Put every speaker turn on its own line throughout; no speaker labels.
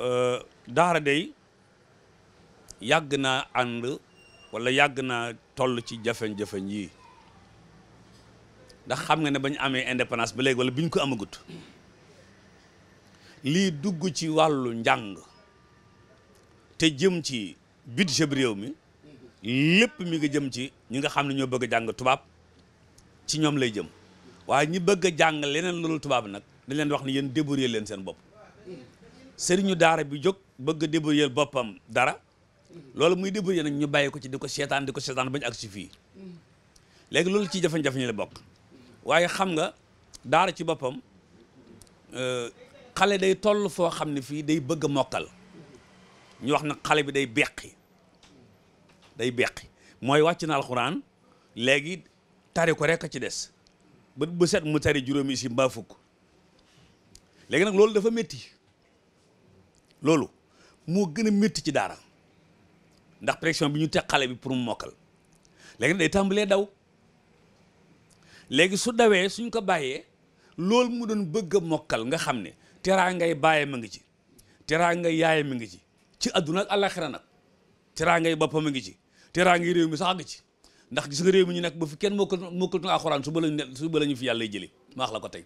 Euh, daara day yàgg naa ànd wala yàgg naa toll ci jafe-jafe yi ndax xam nga ne ba ñu amee indépendance ba léegi wala bi ñu ko amagut lii dugg ci wàllu njàng te jëm ci budget bi réew mi lépp mi nga jëm ci ñi nga xam ne ñoo bëgg jàng tubaab ci ñoom lay jëm waaye ñi bëgg a jàng leneen loolu tubaab nag dañ leen wax ne yéen débrouiller leen seen bopp sëriñu daara bi jóg bëgg a boppam dara loolu muy débrouiller nañ ñu bàyyi ko ci di ko seetaan di ko seetaan bañ ak si fii léegi loolu ci jafe-jafe ñu bokk waaye xam nga daara ci boppam xale day toll foo xam ne fii day bëgg a mokkal ñu wax nag xale bi day beqi day beqi mooy wàcc na alxuraan léegi tari ko rek a ci des ba set mu tari juróomi si mbaa fukk léegi nag loolu dafa métti loolu moo gën a métti ci daara ndax pression bi ñu teg xale bi pour mu mokkal léegi day tàmbalee daw léegi su dawee suñ ko bàyyee loolu mu doon bëgg a mokkal nga xam ne teraangay bàyyee ma ngi ci teraa ngay yaaye ma ngi ci ci àdduna ak àllaxira nag teraa ngay ngi ci teraa ngay réew mi sax àgg ci ndax gis nga réew mi ñu nekk ba fi kenn mokkal mokkal tu alxuraan suba lañu suba lañu fi yàlla jëlee ma wax la ko tey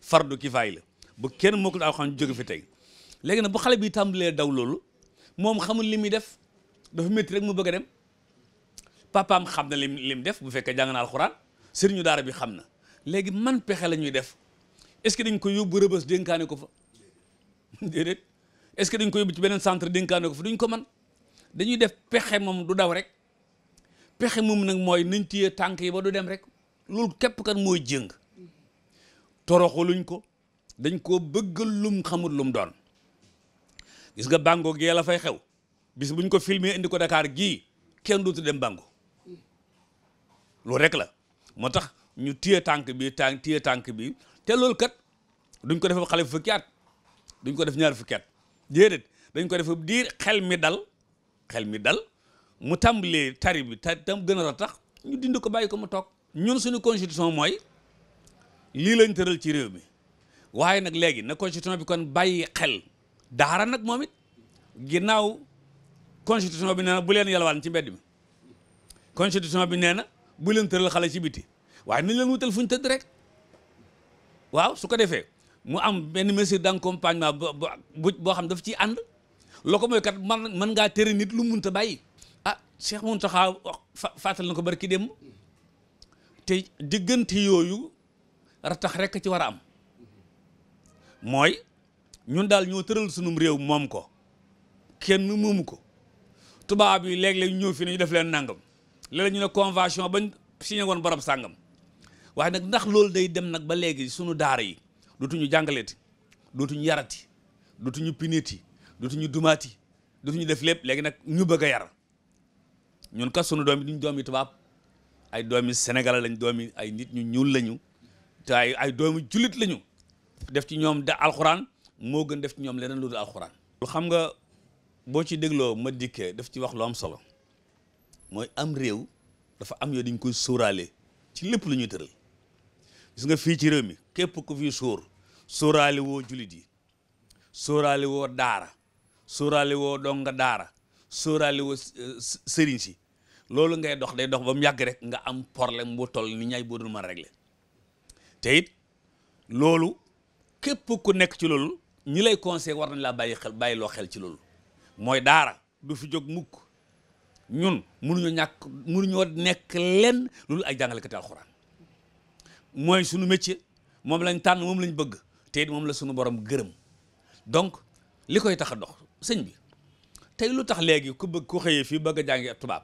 far fardu kifaay la bu kenn mokkal alxuraan jóge fi tey léegi nag bu xale bi tàmbalee daw loolu moom xamul li muy def dafa métti rek mu bëgg a dem papaam xam na lim lim def bu fekkee jàng na alxuraan sëriñu daara bi xam na léegi man pexe la ñuy def est-ce que dañ ko yóbbu rëbës dénkaane ko fa est-ce que dañ ko yóbbu ci beneen centre dénkaane ko fa duñ ko man dañuy def pexe moom du daw rek pexe moom nag mooy nañ tiye tànk yi ba du dem rek loolu képp kan mooy jëng toroxu luñ ko dañ koo bëggal lum xamul lum doon gis nga bango gee la fay xew bis buñ ko filmé indi ko dakaar gii kenn dootu dem bango loolu rek la moo tax ñu téye tànk bi tànk tànk bi te loolu kat duñ ko def xale fukki at duñ ko def ñaar fukki at déedéet dañ ko def diir xel mi dal xel mi dal mu tàmbalee tari bi ta tam gën a tax ñu dind ko bàyyi ko mu toog ñun suñu constitution mooy lii lañ tëral ci réew mi waaye nag léegi na constitution bi kon bàyyi xel daara nag moom it ginnaaw constitution bi nee bu leen yalwaan ci mbedd bi constitution bi nee na bu leen tëral xale ci biti waaye nañ leen wutal fu ñu tëdd rek waaw su ko defee mu am benn mesure d'accompagnement bu boo xam daf ciy ànd loo ko mooy kat man mën ngaa tere nit lu munta bàyyi ah Cheikh Mountakha fàttal na ko barki dem te diggante yooyu ratax rek ci war a am mooy ñun daal ñoo tëral sunum réew moom ko kenn moomu ko tubaab yi léeg-léeg ñu ñëw fii ne ñu def leen nangam léeg-léeg ñu ne convention bañ signé woon borom sàngam waaye nag ndax loolu day dem nag ba léegi sunu daara yi dootuñu jàngaleeti dootuñu yarati dootuñu pineeti dootuñu dumaati dootuñu def lépp léegi nag ñu bëgg a yar ñun kat sunu doom yi duñ doom tubaab ay doomi Sénégal lañ doomi ay nit ñu ñuul lañu te ay ay doomi julit lañu def ci ñoom da alxuraan moo gën def ci ñoom leneen lu dul alxuraan. lu xam nga boo ci dégloo ma dikke daf ci wax loom solo mooy am réew dafa am yoo dañ koy sóoraale ci lépp lu ñuy tëral gis nga fii ci réew mi képp ku fi sóor sóoraale woo julit yi sóoraale woo daara sóoraale woo nga daara sóoraale woo eh, sëriñ si loolu ngay dox day dox ba mu yàgg rek nga am problème bu toll ni ñaay boo dul mën a régler te loolu képp ku nekk ci loolu ñi lay conseil war nañ laa bàyyi xel bàyyi loo xel ci loolu mooy daara du fi jóg mukk ñun mënuñu ñàkk mënuñoo nekk lenn loolu ay jàngalekati alxuraan mooy sunu métier moom lañ tànn moom lañ bëgg te moom la sunu borom gërëm donc li koy tax a dox sëñ bi tey lu tax léegi ku bëgg ku xëyee fii bëgg a tubaab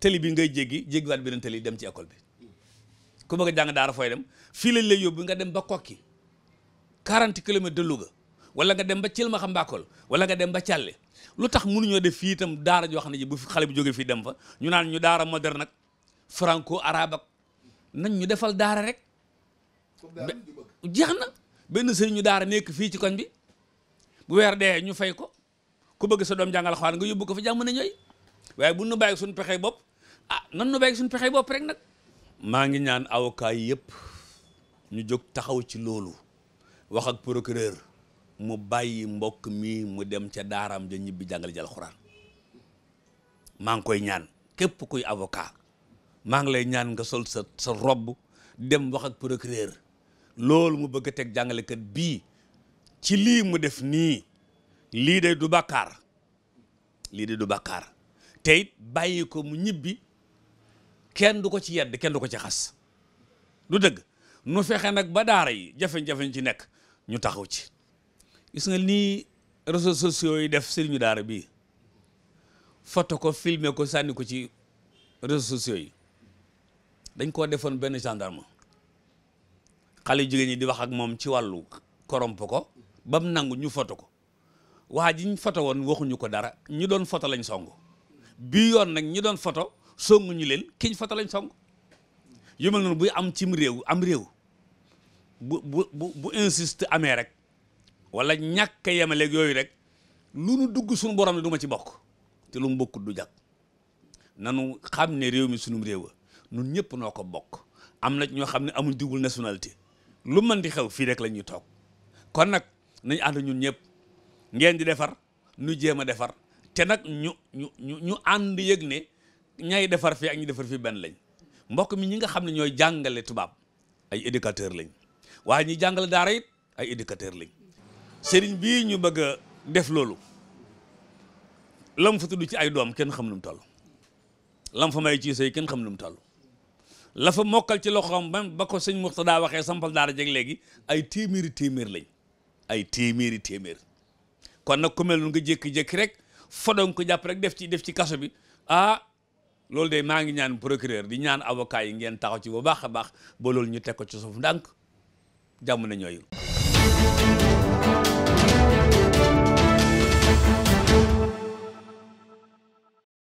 tëli bi ngay jéggi jéggiwaat beneen tëli dem ci école bi ku bëgg jàng daara fooy dem fii lañ lay yóbbu nga dem ba kokki 40 kilomètres de Louga wala nga dem ba cil ma xam mbàkkol wala nga dem ba càlle lu tax mënuñoo def fii itam daara joo xam ne ji bu xale bu jógee fii dem fa ñu naan ñu daara moderne ak franco arabe ak nañ ñu defal daara rek jeex na benn sëriñ ñu daara nekk fii ci koñ bi bu weer dee ñu fay ko ku bëgg sa doom jàngal nga yóbbu ko fa jàng na ñooy waaye bu nu bàyyi suñu pexee bopp ah nan nu bàyyi suñu pexey bopp rek nag maa ngi ñaan avocat yépp ñu jóg taxaw ci loolu wax ak mu bàyyi mbokk mi mu dem ca daaram ja ñibbi jàngale jal xuraan maa ngi koy ñaan képp kuy avocat maa ngi lay ñaan nga sol sa sa robb dem wax ak procureur loolu mu bëgg a teg jàngalekat bii ci lii mu def nii lii de du bàkkaar lii de du bàkkaar te it ko mu ñibbi kenn du ko ci yedd kenn du ko ci xas du dëgg nu fexe nag ba daara yi jafe-jafe ci nekk ñu taxaw ci gis nga nii réseaux sociaux yi def sëriñu daara bii foto ko filmer ko sànni ko ci réseaux sociaux yi dañ koo defoon benn gendarme xale jigéen ñi di wax ak moom ci wàllu koromp ko ba nangu ñu foto ko waa ji foto photo woon waxuñu ko dara ñu doon foto lañ song bii yoon nag ñi doon foto songu ñu leen kiñ ñu lañ song yu mel noonu buy am cim réew am réew bu bu bu amee rek wala ñàkk a yemaleeg yooyu rek lu nu dugg suñu borom ne duma ci bokk te lu mu bokkut du jag nanu xam ne réew mi sunum réew a nun ñëpp noo ko bokk am na ñoo xam ne amuñ dugul nationalité lu mën di xew fii rek la ñuy toog kon nag nañ ànd ñun ñëpp ngeen di defar nu jéem a defar te nag ñu ñu ñu ñu ànd yëg ne ñay defar fii ak ñu defar fii benn lañ mbokk mi ñi nga xam ne ñooy jàngale tubaab ay éducateur lañ waaye ñi jàngale daara ay éducateur lañ sëriñ bii ñu bëgg a def loolu lam fa ci ay doom kenn xam nu mu toll lam fa may ci sëy kenn xam nu mu toll la mokkal ci loxoom ba ba ko sëñ Muxtada waxee sampal daara jeg léegi ay téeméeri téeméer lañ ay téeméeri téeméer kon nag ku mel noonu nga jékki-jékki rek fodon ko jàpp rek def ci def ci kaso bi ah loolu de maa ngi ñaan procureur di ñaan avocat yi ngeen taxaw ci bu baax a baax ba loolu ñu teg ko ci suuf ndànk jàmm na ñooyu